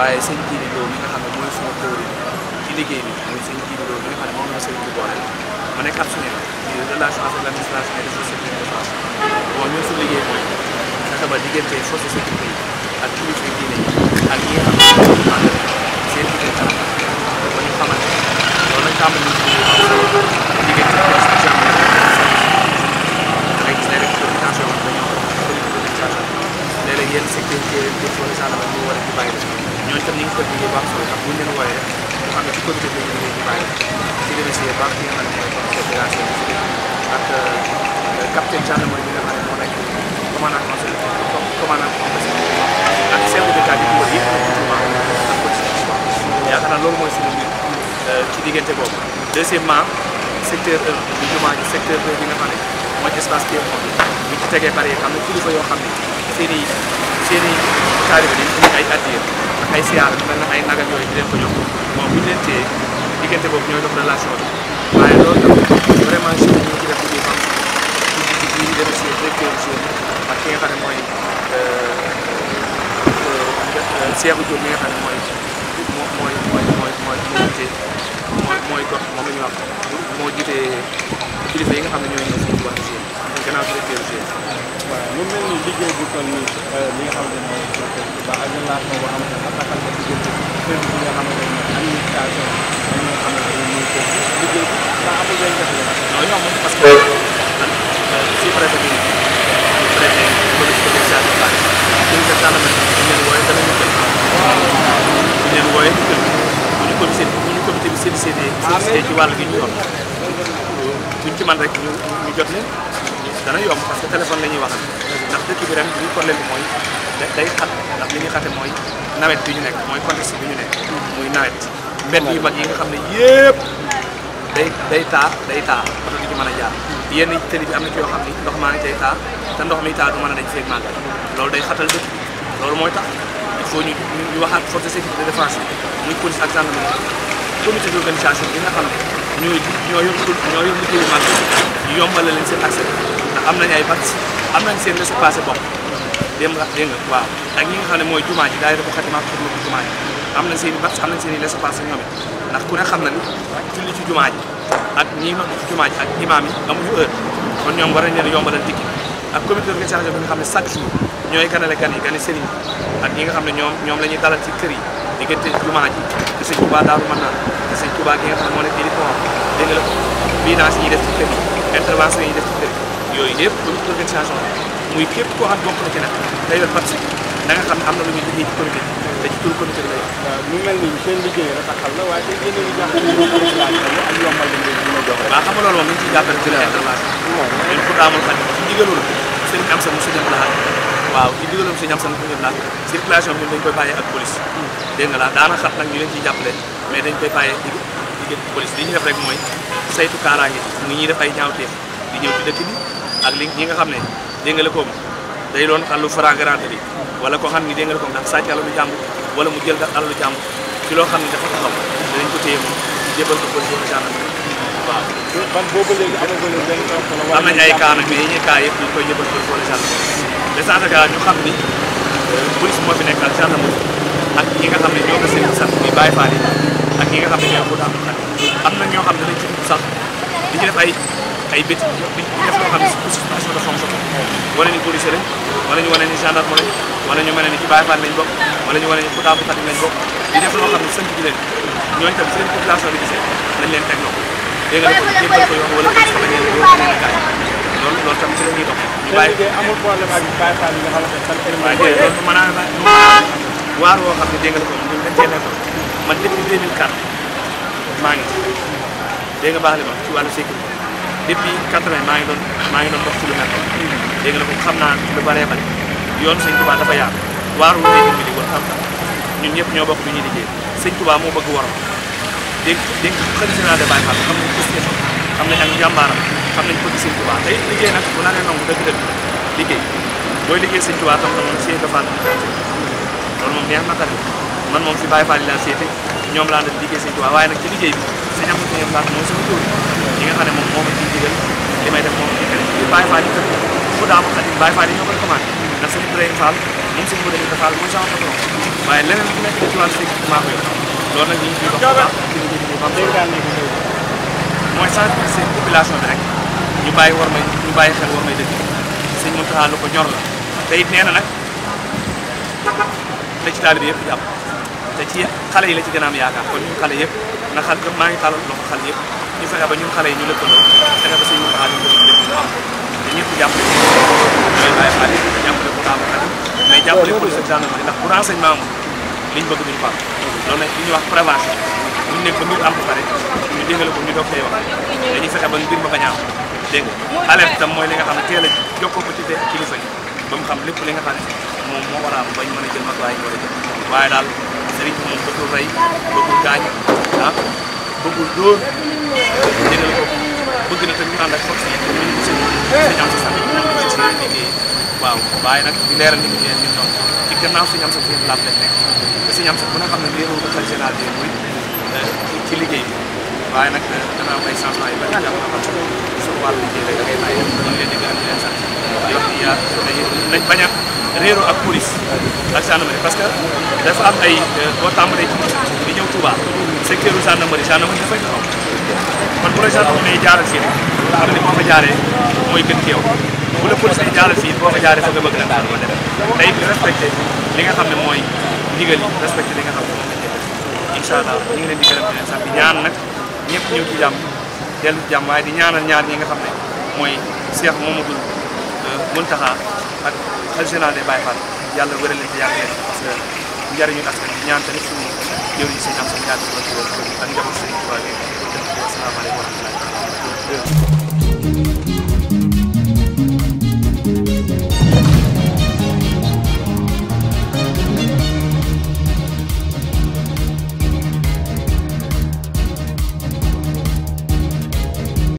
waaye sëñ Jibi Lo mi nga xam ne mooy sama théorie ci liggéey bi mooy sëñ Jibi Lo mi nga xam ne moom la sëñ bi boole ma nekk actionnaire di relation avec l'administration et les sociétés de défense bon ñun suñu liggéey mooy fexe ba diggante force de sécurité yi ak kilifa diine yi ak ñi nga xam ne moom seen liggéey dara ba ñu xamante loolu lañ tàmbali ñu ci diggante institution bi rek léeg-léeg coordination bi dañoo politique de l'organisation léeg-léeg yenn secteur yi ñu war a ci bàyyi ñooñu tam ñu ngi ko liggéey bu am bu ñu ne ci comité ñu ne mooy comité de la ak ne moo nekk commandant conseil commandant conseil de l'état euh, bi ñu wër yëpp ak police yaakaar yoo xam ne seen i taalibe dañu indi ay addiya ak ay siyaar mel na ay nagal yooyu di leen ko jox moom bu ñu leen téye diggante boobu ñooy dox relation bi waaye loolu tam vraiment si ñu ci def liggéey bam di di di remercier directeur jour ak ki nga xam ne mooy Seexu euh, Jóob mi nga xam ne mooy moo mooy mooy mooy mooy moo jiitee mooy mooy gox moom la ñu wax moo jiitee kilifa yi nga xam ne ñooy ñëw suñu mu mel ni liggéey bu toll nii euh, li nga xam ne mooy ba ak relation boo xamante ne dafa taxal ci diggante service bi nga xamante ne administration ak ñi nga xamante ne mooy liggéey bi ndax amul benn jafe-jafe. non ñoo amul parce que euh, si préfet bi préfet police commerciale ba dañ ko tànn nag dañ leen wooye danañu jël dañ leen wooye ñu jël bu ñu comité bu ñu comité bi sollicité sollicité ci wàll gi ñu yor buñ ci man rek ñu ñu jot leen dana yomb parce que téléphone la ñuy waxal ndax dëkk bi ren bi bi mooy day xat ndax li ñuy xate mooy nawet bi ñu nekk mooy contexte bi ñu nekk muy nawet benn yu mag yi nga xam ne yëpp day day taa day taa oto mën a jaar yenn tëli bi am na ci yoo xam maa ngi tay taa ndox mi taa du dañ feeg màggal loolu day xatal dëkk loolu mooy tax il faut ñu ñu waxaat force de sécurité de muy police ak gendarmerie comité d' organisation bi nga xam ne ñooy ñoo yor ñoo yor yombale leen seen accès am nañ ay bats am nañ seen laisser passer bopp démb la dégg nga waaw ak ñi nga xam ne mooy jumaa ji daay dafa xatimaat pour mu i bats am nañ i laisser passer ñoom it ndax ku ne kon ñoom war nañ leen yombalal tikki ak comité d'organisation bi nga xam ne chaque jour ñooy ganale gan yi gani sëriñ ak ñi xam ne ñoom ñoom la ñuy dalal ci kër yi diggante jumaa ji di sëñ Touba Daaru Manaan di sëñ Touba gi nga xam ne moo nekk di di ko dégg la bii dans yi def def ci kër yooyu yëpp organisation muy képp koo xam bokk na ci nag day yor match da nga xam ne am na lu mu mel nii seen liggéey rataxal la waaye a ngi jàppale ñu ak yombal lañ leen mën a la intervention. ñun pour amul xam ci ndigalul sëñ am sa monsieur Diop laaj. waaw ci ndigalul sëñ dañ koy bàyyee ak police. dégg nga laa daana ñu leen ciy jàppale mais dañ koy bàyyee diggante police li ñu def rek mooy saytu kaaraange mu ñuy def ay ñaawteef di ñëw dëkk bi ak li ñi nga xam ne déngale koom day doon xalu flagrant bi wala koo xam ne déngale koom dafa sàcc alalu jàmm wala mu jël daal alalu jàmm ci loo xam ne dafa taxaw dinañ ko téye moom jébal ko police wala ay cas nag mais yi ñuy cas yëpp ñu koy jébal euh, nekk ak gendarmerie ak ñi nga xam ne ñoo ko seen sant muy Baye Fall yi ak nga xam ne ñoo am na ñoo xam ne dañ ci sax di ci def ay. ay bêtises bi def loo xam ne situation de fonction wane ni policier lañ wala ñu wane ni gendarme lañ wala ñu wane ni ci Baye Fall lañ bokk wala ñu wane ni Fouta bu Fatick lañ bokk di def loo xam ne sant bi leen ñooñu tam seen population bi gisee lañ leen teg loxo dégg nga ko jébbal ko yoon wala ko sama ñeen ko yoon leen gaay loolu loolu tam ci la ñuy dox ñu bàyyi amul problème ak Baye Fall yi nga xam ne sant waaye loolu mën naa la waar woo ne dégg nga ko ñu dañ cee nekkoon man depuis 2004 maa dégg nga baax li ma ci wàllu sécurité depuis quatre-vingt maa ngi doon maa ngi doon dox ci lu mel léegi nag xam naa lu bëree bëri yoon sëñ Tuubaa dafa yaatu waar wu nekk bi di war xam ñun ñëpp ñoo bokk lu ñuy liggéey sëñ Tuubaa moo bëgg waram dégg dégg xëy si naa de bàyyi xam xam nañ position xam nañ ak njàmbaaram xam nañ bëgg sëñ Tuubaa tey liggéey nag bu naree nangu dëgg-dëgg liggéey booy liggéey sëñ Tuubaa tam moom sie dafaan loolu moom neex na moom fi Baay Faal laa seete ñoom laa na liggéey sëñ Tuubaa waaye nag ci liggéey bi sëñ am na ñoom laa moo sama tur xam ne moom moo ma ciy digal li may def moom itam Baye Fall yi tëdd bu daaw xam ne Baye Fall yi ñoo koy commandé ndax sëñ Ibrahima Fall moom sëñ Ibrahima Fall mooy sama patron waaye leneen lu nekk ci wàllu sëñ maa ko yor loolu nag ñu ngi ciy dox baax ci liggéey bi baax day daal nekk loolu mooy sensibiliser population bi rek ñu bàyyi war may ñu bàyyi xel war may dëkk sëñ Mountakha lu ko ñor la te it nee na nag la ci taalibe yëpp jàpp te ci xale yi la ci gën a am yaakaar kon ñun xale yëpp na xal maa ngi xalal loxo xale yëpp ñu fexe ba ñun xale yi ñu lëkkaloo fexe ñu lépp ñu am te ñëpp jàppale ñooy xale yi mais jàppale police ak gendarmerie ndax bu renseignement amul liñ bëgg duñu ko am loolu nag li ñuy wax prévention am ba ñu ko ñu doog koy wax fexe ba mbir ma bañ a am mooy li nga xam ne ko ci kilifa yi ba xam lépp li nga xam ne moom moo a am bañ a jël matuwaay a jël waaye daal sëriñ bi moom bëggul rey bëggul gaañ ah bëggul dóor jëndal ko bëgg na tamit ànd ak force yi ñu ngi seen sëñ am sa sànni ñu ngi ci seen liggéey waaw waaye nag di leeral nit ñi ne ñoom ci gannaaw sëñ am sa sëñ laaj lañ nekk te sëñ am sa bu nga xam ne lii rôle de général bi mooy euh, ci liggéey bi waaye nag euh, dana am ay changement yu bëri jàpp na xam ne suñu wàllu liggéey rek da ngay bàyyi ñu leen di gërëm di leen sant yow yaa dañu nañ bañ a réeroo ak police ak gendarmerie parce que dafa am ay euh, boo tàmbalee ci di ñëw Touba secteur u gendarmerie gendarmerie dafay taxaw kon bu la gendarmerie day jaaral am ni boo fa jaaree mooy gën ci yow bu la police day jaaral fii boo fa jaaree fa nga bëgg nag ma def day li nga xam ne mooy ndigal yi respecté li nga xam ne moom lañ di gërëm di ñëw ci waaye di ñaanal ñaar ñi nga xam ne mooy Cheikh Mamadou Mountakha ak xalifa général des Baye Fall yàlla wéral leen te yàgg leen parce que njëriñu askan bi ñaan tamit suñu jëwriñ seen am seen yàgg si ak njaboot seen tubaab yi asalaamaaleykum wa rahmatulah